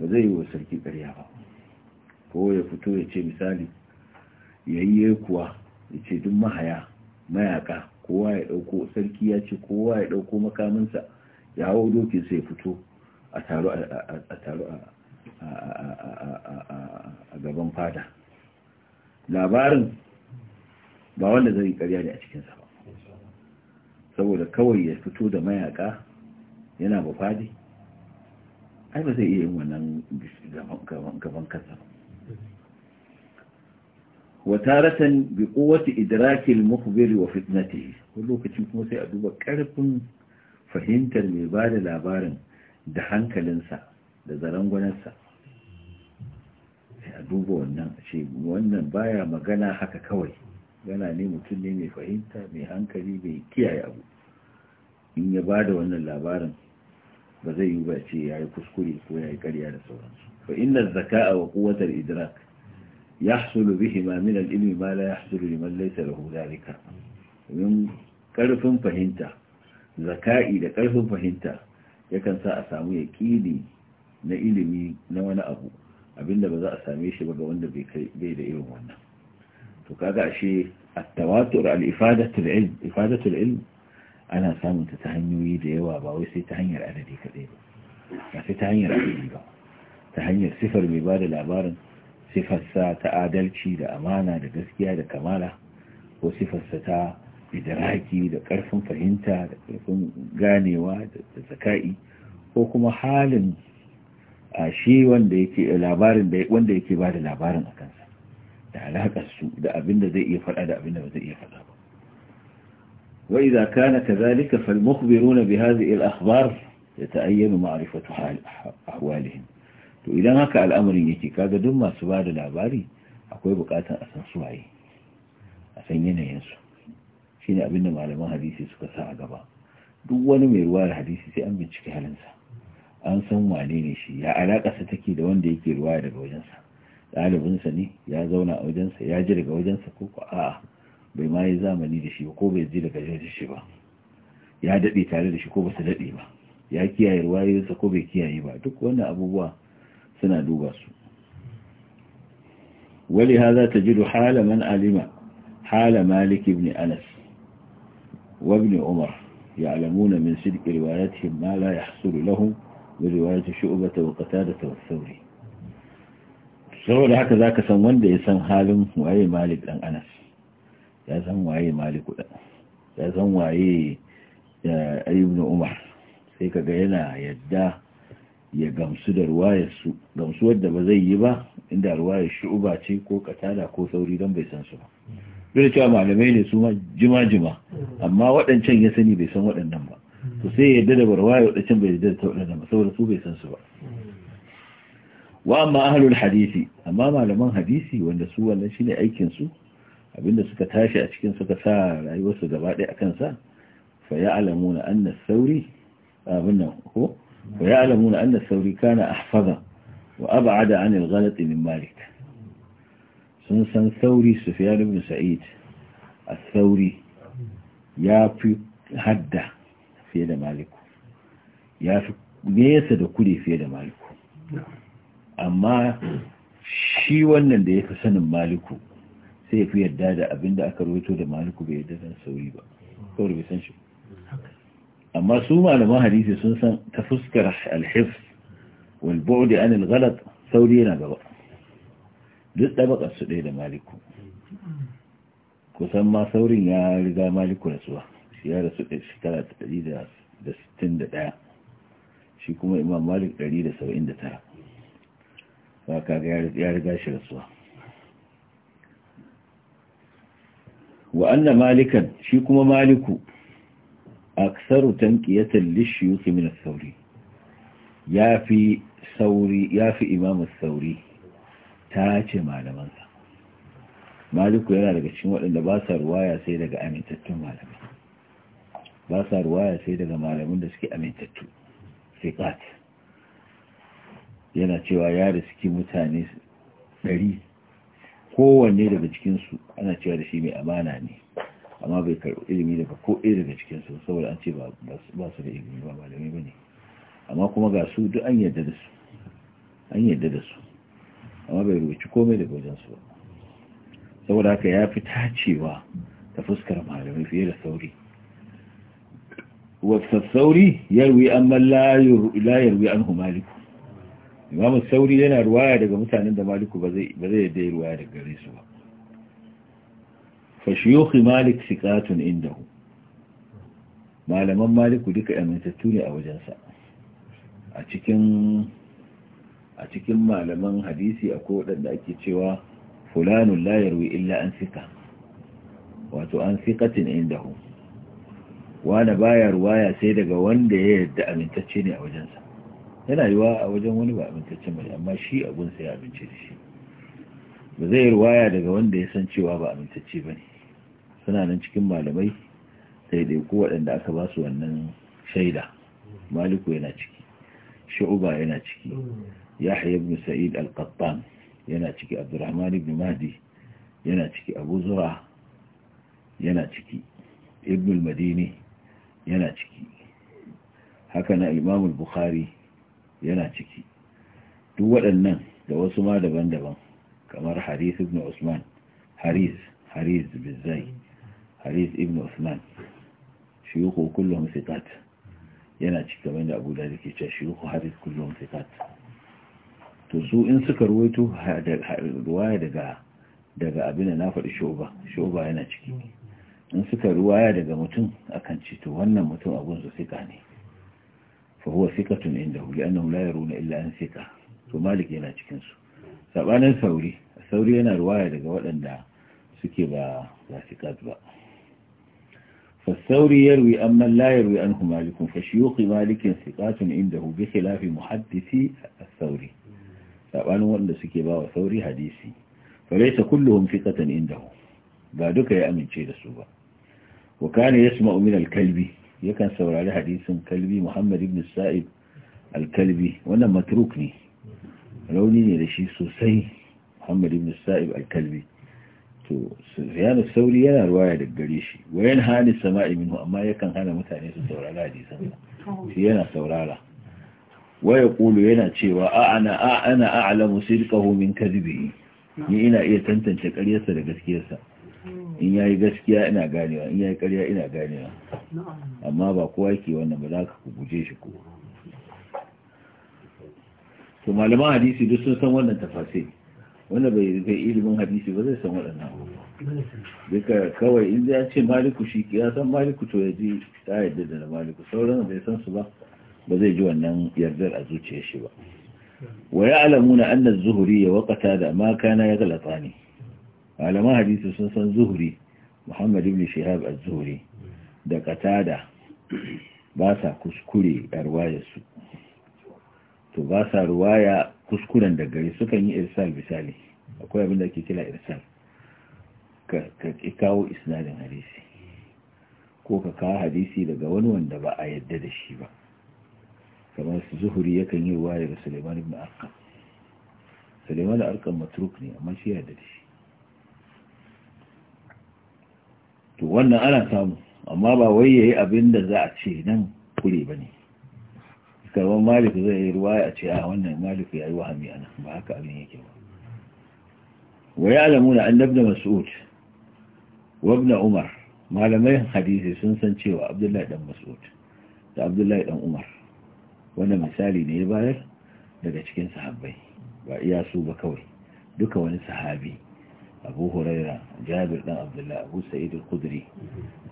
ba zai yi wa sarki ƙarya ba ko ya fito ya ce misali yayye kuwa ya ce duk mahaya mayaka kowa ya ɗauko sarki ya ce kowa ya ɗauko makaminsa ya hau dokin sai fito a taro a a gaban fada labarin ba wanda zai yi karya ne a cikinsa ba saboda kawai ya fito da mayaka yana ba fadi ai ba zai iya yin wannan gaban kansa ba وتارة بقوة إدراك المخبر وفتنته ولو كتن كما سيأدوب كارب فهمت المبال العبار دهانك لنسا دزرنغ ننسا سيأدوب ونن شيء ونن بايا مغانا حكا كوي yana ne mutum ne mai fahimta mai hankali mai kiyaye abu in ya ba da wannan labarin ba zai yi ba ce ya yi kuskure ko ya yi karya da sauransu fa zaka a wa quwwatal idrak يحصل بهما من الإلم ما لا يحصل لمن ليس له ذلك من كرف فهنت زكائي لكرف فهنت يكن ساء سامي كيدي نإلمي نوانا أبو أبن لبذاء سامي شبك وانا بيد إيوم وانا فكذا شيء التواتر على إفادة العلم إفادة العلم أنا سامي تتهنوي ديوا باوسي تهنير على ديك ديوا ما تتهنير على ديوا تهنير سفر مبارد عبارد sifarsa ta adalci da amana da gaskiya da kamala ko sifarsa ta idiraki da ƙarfin fahimta da ƙarfin ganewa da zaka'i ko kuma halin a shi wanda yake labarin da wanda yake ba da labarin a kansa da alaƙar su da abin da zai iya faɗa da abin da ba zai iya faɗa ba wa idza kana kadhalika fal mukhbiruna bi hadhihi al akhbar yata'ayyanu ma'rifatu ahwalihim to idan haka al'amarin yake kaga duk masu ba da labari akwai bukatar a san suwaye a san yanayinsu shi ne abinda malaman hadisi suka sa a gaba duk wani mai ruwa da hadisi sai an bincike halinsa an san wane ne shi ya sa take da wanda yake ruwa daga wajensa ɗalibinsa ne ya zauna a wajensa ya ji daga wajensa ko ko a bai ma yi zamani da shi ko bai ji daga wajen shi ba ya daɗe tare da shi ko ba su daɗe ba ya kiyaye ruwayoyinsa ko bai kiyaye ba duk wannan abubuwa تنا دوباسو ولهذا تجد حال من علم حال مالك بن أنس وابن عمر يعلمون من سلك روايتهم ما لا يحصل لهم رواية شؤبة وقتادة والثوري سوى لحك ذاك سمون دي سم حالم وعي مالك لن أنس يا سم وعي مالك لن يا سم وعي آه، أي ابن عمر سيكا قينا يداه ya gamsu da ruwayarsu gamsu wadda ba zai yi ba inda ruwayar uba ce ko katada ko sauri don bai san su ba duk da cewa malamai ne su jima-jima amma waɗancan ya sani bai san waɗannan ba to sai ya yarda da ruwayar waɗancan bai yarda da waɗannan ba saboda su bai san su ba wa amma ahlul hadisi amma malaman hadisi wanda su wannan shine aikin su abinda suka tashi a cikin suka sa rayuwarsu gaba ɗaya akan sa fa ya'lamuna anna sauri abin nan ko ويعلمون أن الثوري كان أحفظ وأبعد عن الغلط من مالك سنسان ثوري سفيان بن سعيد الثوري يا في هدى في يد مالك يا في nesa da kure fiye da maliku amma shi wannan da ya fi sanin maliku sai ya fi yadda da abinda aka roto da maliku bai yarda da sauri ba kawai bai san shi amma su malaman hadisi sun san ta fuskar alhifz wal bu'd an al ghalat sauri yana gaba duk tabakar su ɗaya da maliku kusan ma saurin ya riga maliku rasuwa shi ya rasu shekara ta ɗari da sittin da ɗaya shi kuma imam malik ɗari da saba'in da tara ba kaga ya riga shi rasuwa wa anna malikan shi kuma maliku aksaru tanqiyatan lishuyukh min as-sawri sauri yafi imam as-sawri tace malaman sa maliku yana daga cikin waɗanda ba sa ruwaya sai daga amintattun malamai ba sa ruwaya sai daga malamin da suke amintattu siqat yana cewa yari riski mutane ɗari kowanne daga cikinsu ana cewa da shi mai amana ne amma bai karɓi ilimi daga ko ɗaya daga cikin su saboda an ce ba su da ilimi ba malami ba ne amma kuma ga su duk an yarda da su an yarda da su amma bai rubuci komai daga wajen su ba saboda haka ya fi tacewa ta fuskar malamai fiye da sauri wasu sauri yarwi an malla la yarwi an hu maliku imamu sauri yana ruwaya daga mutanen da maliku ba zai yarda ya ruwaya daga gare su ba fashiyoki malik malik inda indahu malaman maliku duka amintattu ne a wajensa a cikin a cikin malaman hadisi ko wadanda ake cewa fulanun layarwi illa an sika wato an inda indahu wane baya ruwaya sai daga wanda ya yadda amintacce ne a wajensa yana yiwa a wajen wani ba amintacce bane amma shi abun sai amince da shi ba zai yi ruwaya daga wanda ya san cewa ba amintacce ne. suna nan cikin malamai daidai ko waɗanda aka ba su wannan shaida maliku yana ciki shu'uba yana ciki yahya ibn sa'id al-qattan yana ciki abdurrahman ibn mahdi yana ciki abu zura yana ciki ibn al-madini yana ciki haka na imam al-bukhari yana ciki duk waɗannan da wasu ma daban-daban kamar haris ibn usman haris haris bizai haris ibn usman shuyukhu kullum siqat yana ci kamar da abu da yake cewa shuyukhu haris kullum siqat to su in suka ruwaito ruwaya daga daga abin da na faɗi shoba shoba yana ciki in suka ruwaya daga mutum akan ce to wannan mutum abun su sika ne fa huwa sikatun indahu li'annahu la yaruna illa an sika to malik yana cikin su sabanin sauri sauri yana ruwaya daga waɗanda suke ba ba sikat ba فالثوري يروي أما لا يروي عنه مالك فشيوخ مالك ثقات عنده بخلاف محدثي الثوري أقول وأن سكبا ثوري حديثي فليس كلهم ثقة عنده بعدك يا أمن شيء للسوبة وكان يسمع من الكلبي يكن ثور على حديث كلبي محمد بن السائب الكلبي وأنا متروكني لوني لشي سوسي محمد بن السائب الكلبي to sufyan sauri yana ruwaya ya gare shi wayan hali sama'i minhu amma yakan hana mutane su saurara hadisan shi yana saurara waya kulu yana cewa a ana a ana a'lamu sidqahu min kadhibi ni ina iya tantance ƙaryarsa da gaskiyarsa in yayi gaskiya ina ganewa in yayi ƙarya ina ganewa amma ba kowa yake wannan ba za ka guje shi ko to malaman hadisi duk sun san wannan tafasiri wanda bai kai ilimin hadisi ba zai san waɗannan duka kawai in ya ce maliku shi ya san maliku to ya ji ta yadda da maliku sauran bai san su ba ba zai ji wannan yardar a zuciyar shi ba wa ya alamuna anna zuhuri ya wakata da ma kana ya galata ne malaman hadisi sun san zuhuri muhammad ibn shihab az-zuhuri da qatada ba sa kuskure a to ba sa ruwaya kuskuren da gari sukan yi irsal misali akwai abin da ake kira irsal ka kawo isnadin hadisi ko ka kawo hadisi daga wani wanda ba a yadda da shi ba kamar su zuhuri yakan yi ruwa daga suleiman ibn suleiman da arkam matruk ne amma shi yadda da shi to wannan ana samu amma ba wai yayi abin da za a ce nan kure ba ne kamar maliku zai yi ruwa a ce a ah, wannan maliku ya yi wahami ana ba haka abin yake ba wa ya alamu na annab da mas'ud wabna umar malamai hadisi sun san cewa abdullahi dan mas'ud da abdullahi dan umar wannan misali ne ya bayar daga cikin sahabbai ba iya su ba kawai duka wani sahabi abu huraira jabir dan abdullahi abu sa'id al-khudri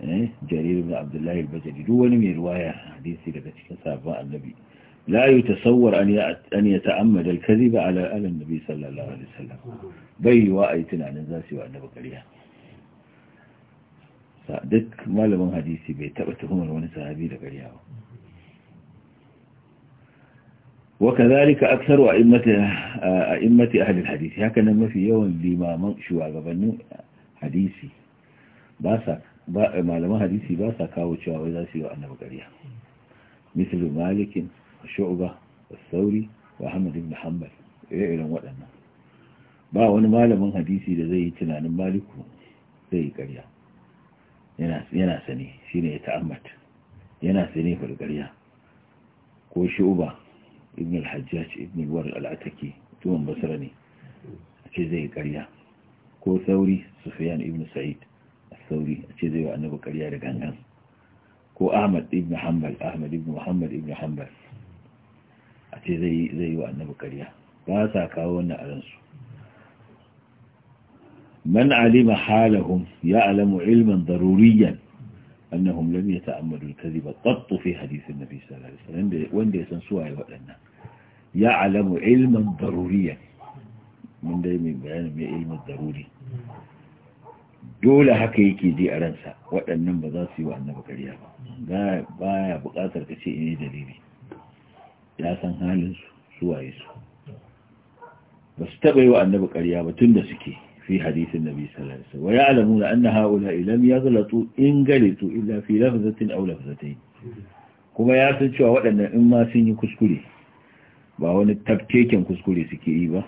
eh, jarir ibn abdullahi al-bajali duk wani mai ruwaya hadisi daga cikin sahabban annabi لا يتصور أن أن يتأمد الكذب على آل النبي صلى الله عليه وسلم بي وآيتنا عن الناس وأن بكريا دك ما لمن حديثي بيت تبتهم الوني صحابي لكريا وكذلك أكثر أئمة أئمة أهل الحديث هكذا ما في يوم لما من شو أغبنه حديثي باسا ما لمن حديثي باسا كاوتشوا وإذا سيوا أن بكريا مثل مالك shu'ba sauri wa ahmad ibn hanbal irin waɗannan ba wani malamin hadisi da zai yi tunanin maliku zai yi ƙarya yana sani shi ne ya ta'ammat yana sani fal ƙarya ko shu'ba ibn al-hajjaj ibn al-war al-ataki tuwon basra ne a ce zai yi ƙarya ko sauri sufyan ibn sa'id sauri a ce zai wa annabi ƙarya da gangan ko ahmad ibn hanbal ahmad ibn muhammad ibn hanbal a ce zai yi wa annabi ƙarya ba sa kawo wannan a ransu man alima halahum ya alamu ilman daruriyan annahum lam yata'ammadu al-kadhiba qatt fi hadith an-nabi sallallahu alaihi wasallam wanda ya san suwaye waɗannan ya alamu ilman daruriyan mun dai mai bayani mai ilmin daruri dole haka yake ji a ransa waɗannan ba za su yi wa annabi kariya ba ba ya buƙatar ka ce ina dalili ya san halin su waye su ba su taɓa yi wa annabi ƙarya ba tun da suke fi hadisin nabi sallallahu alaihi wasallam wa ya'lamu la anna haula lam yaghlatu in galitu illa fi lafzatin aw lafzatayn kuma ya san cewa waɗannan in ma sun yi kuskure ba wani tafkeken kuskure suke yi ba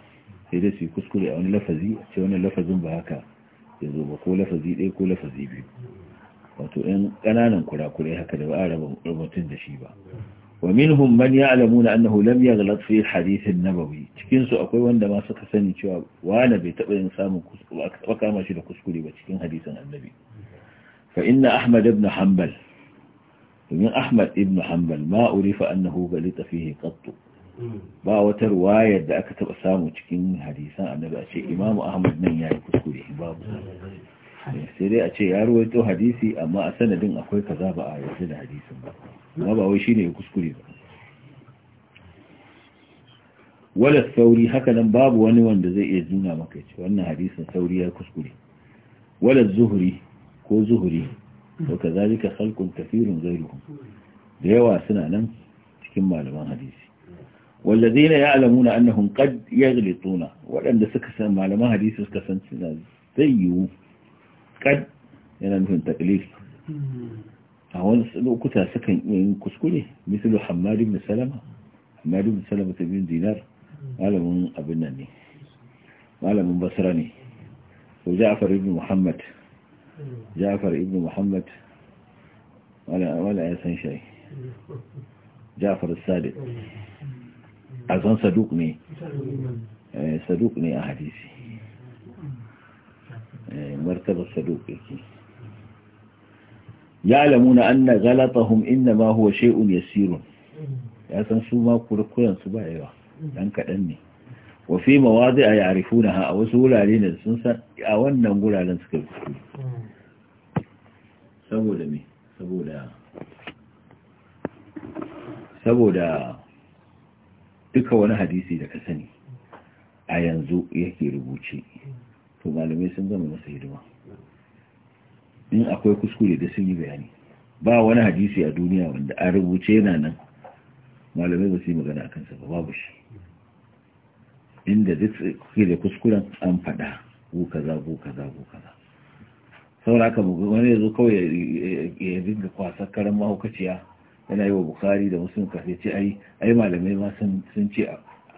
sai dai su yi kuskure a wani lafazi ce wani lafazin ba haka ya zo ba ko lafazi ɗaya ko lafazi biyu wato 'yan ƙananan kurakurai haka da ba a raba mutum da shi ba ومنهم من يعلمون أنه annahu يغلط في الحديث النبوي cikin cikinsu akwai wanda ma suka sani cewa wani bai taba yin samun kuskure ba kama shi da kuskure ba cikin hadisin annabi fa inna ahmad ibn hanbal domin ma urifa annahu galita fihi qattu ba wata ruwayar da aka taba samu cikin hadisan annabi a ce imamu ahmad nan yayi kuskure babu sai dai a ce ya ruwaito hadisi amma a sanadin akwai kaza ba a yarda da hadisin ba amma ba wai shine kuskure ba wala sauri haka nan babu wani wanda zai iya juna maka ce wannan hadisin sauri ya kuskure wala zuhuri ko zuhuri to kazalika khalqun kathirun ghayruhum da yawa suna nan cikin malaman hadisi wallazina ya'lamuna annahum qad yaghlituna wadanda suka san malaman hadisi suka san suna zai yiwu kad yana nufin taklif a wani lokuta sukan iya yin kuskure misalu hamadu bin salama hamadu bin salama ta bin dinar malamin abin nan ne malamin basra ne ko ja'far ibn muhammad ja'far ibn muhammad wala wala ya san shi ja'far sadiq a san saduk ne saduk ne a hadisi martabar saduk yake na anna ghalatahum ma huwa ya yasirun ya san su ma kurkuren su ba yawa dan kaɗan ne a fi mawadi'a ha a wasu wurare ne sun san a wannan wuraren suka fi saboda me saboda saboda duka wani hadisi da ka sani a yanzu yake rubuce to malamai sun zama masa hidima in akwai kuskure da sun yi bayani ba wani hadisi a duniya wanda a rubuce yana nan malamai ba su yi magana a kansa ba babu shi inda duk suke da kuskuren an faɗa ko kaza ko kaza ko kaza saboda haka wani ya zo kawai ya dinga kwasar karan mahaukaciya yana yi wa bukari da musulun kafin ce ai malamai ma sun ce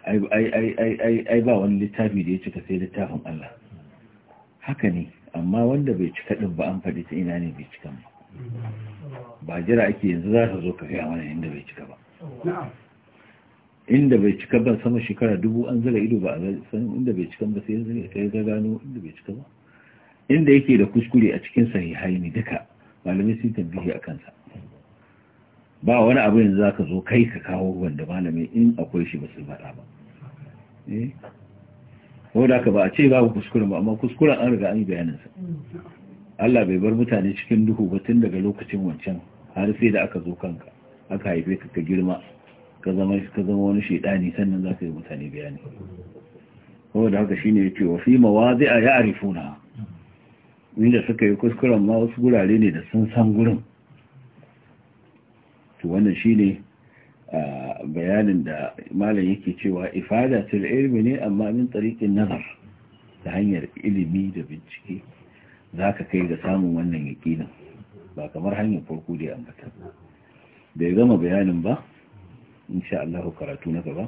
ai ba wani littafi da ya cika sai littafin allah haka ne amma wanda bai cika ɗin ba an faɗi ta ina ne bai cika ba ba jira ake yanzu za ka zo ka gaya mana inda bai cika ba inda bai cika ba sama shekara dubu an zira ido ba a san inda bai cika ba sai ya ga gano inda bai cika ba inda yake da kuskure a cikin sahihai ne duka malamai sun tambaye a kansa ba wani abu yanzu za ka zo kai ka kawo wanda malami in akwai shi ba su faɗa ba eh? wadda ka ba a ce babu kuskuren ba amma kuskuren an riga an yi bayaninsa Allah bai bar mutane cikin duhu ba tun daga lokacin wancan har sai da aka zo kanka aka haife ka ka girma ka zama ka zama wani shedani sannan za ka yi mutane bayani saboda haka shine yace wa fi mawazi'a ya'rifuna inda suka yi kuskuren ma wasu gurare ne da sun san gurin to wannan shine bayanin da malam yake cewa ifada ifadatul ilmi ne amma min tariqin nazar ta hanyar ilimi da bincike zaka kai ga samun wannan yakinin ba kamar hanyar farko da ambata bai gama bayanin ba insha Allah karatu na gaba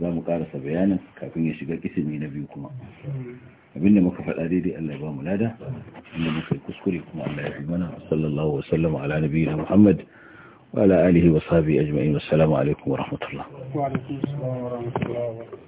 za mu karasa bayanin kafin ya shiga kisimi na biyu kuma abinda muka faɗa daidai Allah ya ba mu lada inda muka yi kuskure kuma Allah ya fi mana sallallahu wa sallam ala nabiyina Muhammad وعلى آله وصحبه أجمعين والسلام عليكم ورحمة الله وعليكم السلام ورحمة الله وبركاته